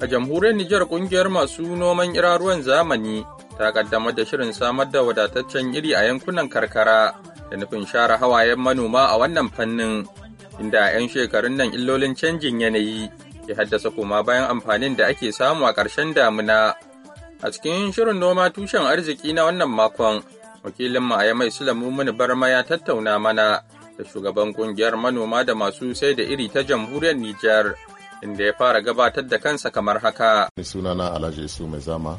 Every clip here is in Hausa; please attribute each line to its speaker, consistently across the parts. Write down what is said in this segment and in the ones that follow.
Speaker 1: A jamhuriyar Nijar kungiyar masu noman iraruwan zamani ta kaddamar da shirin samar da wadataccen iri a yankunan karkara da nufin share hawayen manoma a wannan fannin inda a 'yan shekarun nan illolin canjin yanayi ke haddasa koma bayan amfanin da ake samu a ƙarshen damuna. A cikin shirin noma tushen arziki na wannan makon, wakilin a mai Sulamu Mini Barma ya tattauna mana da shugaban kungiyar manoma da masu sai da iri ta jamhuriyar Nijar. inda ya fara gabatar da kansa kamar haka.
Speaker 2: Ni sunana Alhaji Isu Mai Zama,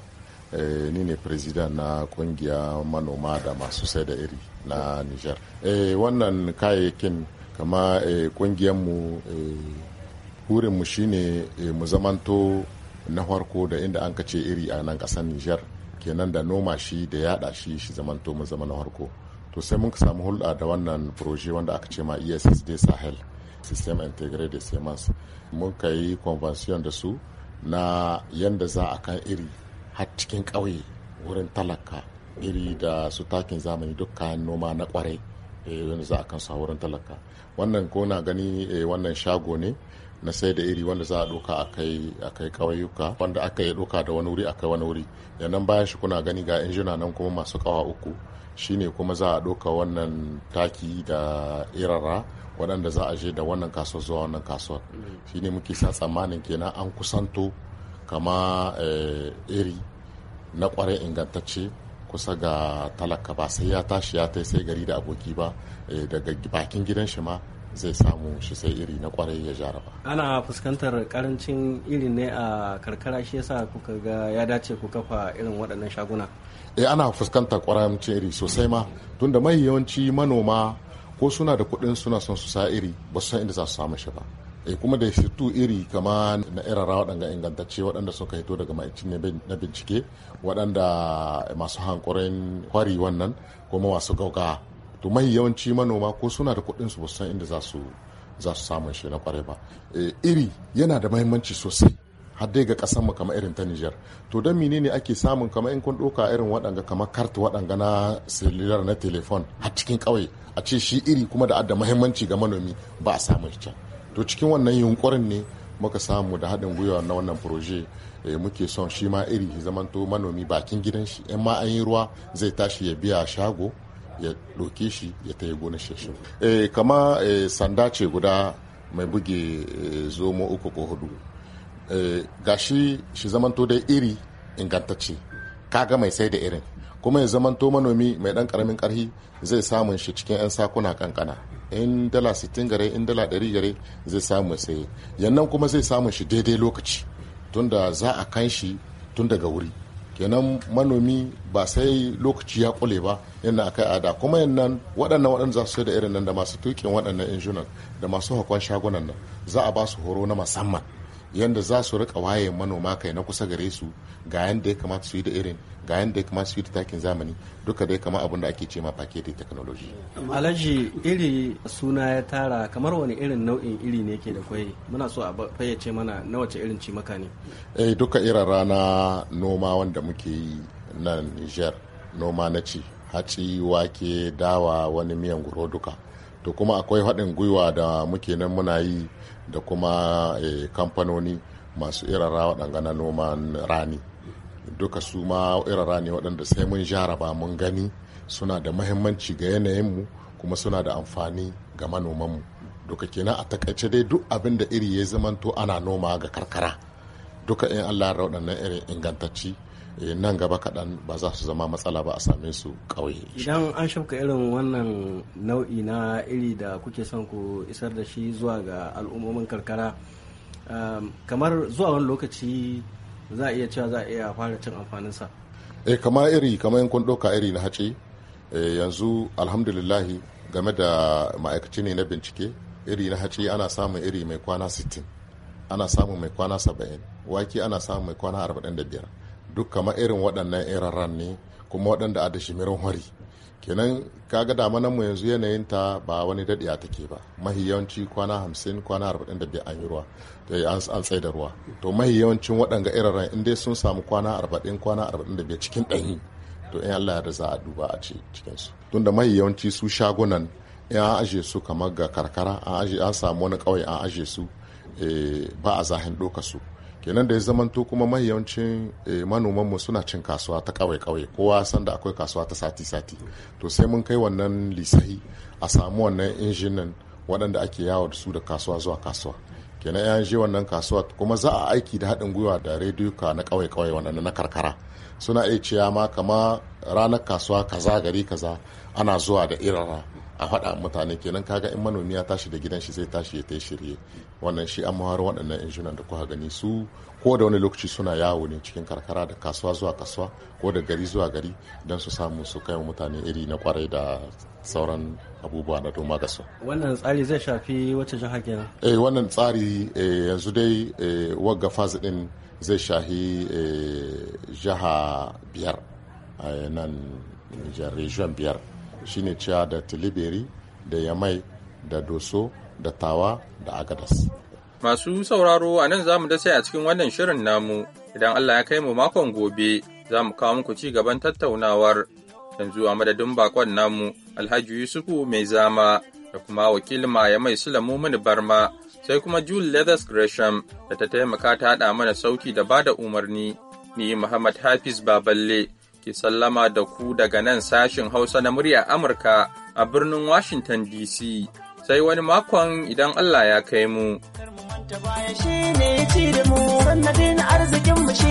Speaker 2: eh, ni ne president na kungiya manoma da masu sai da iri na Nijar. Eh, wannan kayayyakin kama hurin eh, mu shine mu zamanto na farko da inda an kace iri a nan kasar Nijar kenan da noma shi da yada shi shi zamanto mu zama na farko. To sai mun samu hulɗa da wannan proje wanda aka ce ma ESSD Sahel. system integrated de semas mun ka yi convention da su na yadda za a kan iri har cikin ƙauye wurin talaka iri da su takin zamani duk kayan noma na kwarai yadda eh, za a kan su wurin talaka wannan ko na gani eh, wannan shago ne na sai da iri wanda za a ɗauka a kai ƙauyuka wanda aka yi ɗauka da wani wuri a kai wani wuri yanan bayan shi kuna gani ga injina nan kuma masu ƙawa uku shine kuma za a ɗauka wannan taki da irara waɗanda za a je da wannan kasuwar zuwa wannan kasuwar shine muke sa tsammanin kenan an kusanto kama eh, iri na kwarai ingantacce kusa ga talaka ba sai ya tashi ya tai sai gari da aboki ba eh, daga bakin gidan shi ma zai samu shi sai iri na kwarai ya jaraba ana fuskantar karancin iri ne a karkara shi yasa kuka ga ya dace ku kafa irin waɗannan shaguna eh ana fuskantar karancin iri sosai ma tunda mai yawanci manoma ko suna da kuɗin suna son su sa iri ba su san inda za su samu shi ba e kuma da fitu iri kama na irara waɗanda ingantacce waɗanda suka hito daga ma'aikacin na bincike waɗanda masu hankurin kwari wannan kuma masu gauka to mahi yawanci manoma ko suna da kuɗin su san inda za su za su samu shi na kwarai ba eh, iri yana da mahimmanci sosai har dai ga ƙasar mu kamar irin ta Niger to dan menene ake samun kamar in kun doka irin waɗanga kamar kart waɗanga na cellular na telefon har cikin ƙauye a ce shi iri kuma da adda mahimmanci ga manomi ba a samun shi can to cikin wannan yunkurin ne muka samu da haɗin gwiwa na wannan proje eh, muke son shi ma iri zamanto manomi bakin gidan shi in ma an yi ruwa zai tashi ya biya shago ya ɗauke shi ya ta yi gonar eh, kama eh, sanda ce guda mai buge eh, zomo uku ko hudu gashi shi zamanto dai iri ingantacce kaga mai sai da irin kuma ya zamanto manomi mai dan karamin karhi zai samun shi cikin 'yan sakuna kankana in dala 60 gare in dala 100 gare zai samu sai yannan kuma zai samun shi daidai lokaci tunda za a kan shi tun daga wuri kenan manomi ba sai lokaci ya kule ba yana akai ada kuma yannan waɗannan waɗanda za su da irin nan da masu tukin waɗannan injunan da masu hakon shagunan nan za a ba su horo na musamman yadda za su rika waye manoma kai na kusa gare su ga yadda ya kamata su yi da irin ga yadda ya kamata su yi da takin zamani duka dai kama abin da ake ce ma paketin technology alhaji iri suna ya tara kamar wani irin nau'in iri ne ke da kwai muna so a fayyace mana na wace irin maka ne eh duka irin rana noma wanda muke yi nan niger noma na ci hatsi wake dawa wani miyan guro duka to kuma akwai haɗin gwiwa da muke nan muna yi da kuma eh, kamfanoni masu irara waɗanga na noman rani duka su ma irara ne waɗanda sai mun jaraba mun gani suna da mahimmanci ga yanayinmu kuma suna da amfani ga manomanmu duka kenan a takaice dai duk abin da iri ya zamanto ana noma ga karkara duka in allah waɗannan irin ingantacci Eh, nan gaba kaɗan ba za su zama matsala ba a same su ƙauye. Idan an shafka irin wannan nau'i na iri da kuke son ku isar da shi zuwa ga al'ummomin karkara um, kamar zuwa wani lokaci za a iya cewa za a iya fara cin amfaninsa. eh kamar iri kamar yankun ɗauka iri na hace eh, yanzu alhamdulillahi game da ma'aikaci ne na bincike iri na hace ana samun iri mai kwana 60 ana samun mai kwana 70 wake ana samun mai kwana 45 duk kamar irin waɗannan irarran ne kuma waɗanda a da shimirin hori kenan kaga damanan mu yanzu yanayin ta ba wani daɗiya take ba mahi yawanci kwana hamsin kwana arba'in da biyar an yi ruwa eh, an tsaye da ruwa to mahi yawancin waɗanga irarran in dai sun samu kwana arba'in kwana arba'in da biyar cikin ɗanyi to in allah ya za a duba a ce tun tunda mahi yawanci su shagunan in an aje su kamar ga karkara an samu wani kauye an aje su Eh, ba a zahin ɗoka su kenan da ya zamanto kuma mahiyancin eh, manomanmu suna cin kasuwa ta kawai-kawai kowa sanda akwai kasuwa ta sati-sati to sai mun kai wannan lisahi a samu wannan injinan waɗanda ake yawo da su da kasuwa zuwa kasuwa kenan yan je wannan kasuwa kuma za a aiki da haɗin gwiwa da rediyoka na kawai-kawai wannan na karkara suna iya cewa ma kama ranar kasuwa kaza gari kaza ana zuwa da irara a faɗa mutane kenan kaga in manomi ya tashi da gidan shi zai tashi ya tai shirye wannan shi an mawar waɗannan injunan da kuka gani su ko da wani lokaci suna yawo ne cikin karkara da kasuwa zuwa kasuwa ko da gari zuwa gari don su samu su kai mutane iri na kwarai da sauran abubuwa na doma da Wannan tsari zai shafi wacce jiha kenan? Eh wannan tsari eh, yanzu dai eh, wagga fazi din zai shahi eh, jiha biyar a nan region biyar. shine cewa da tilibiri da yamai da doso da tawa da agadas
Speaker 1: masu sauraro a nan za mu dasa a cikin wannan shirin namu idan allah ya kai mu makon gobe za mu kawo muku ci gaban tattaunawar yanzu a madadin bakon namu alhaji yusufu mai zama da kuma wakilin ya mai sulamu mini barma sai kuma Jule Leathers Gresham da ta taimaka ta haɗa mana sauki da bada umarni ni Muhammad Hafiz Baballe ke sallama da ku daga nan sashin Hausa na murya Amurka a birnin Washington DC. Sai wani makon idan Allah ya kai mu.
Speaker 2: arzikinmu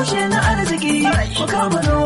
Speaker 2: uwa arziki.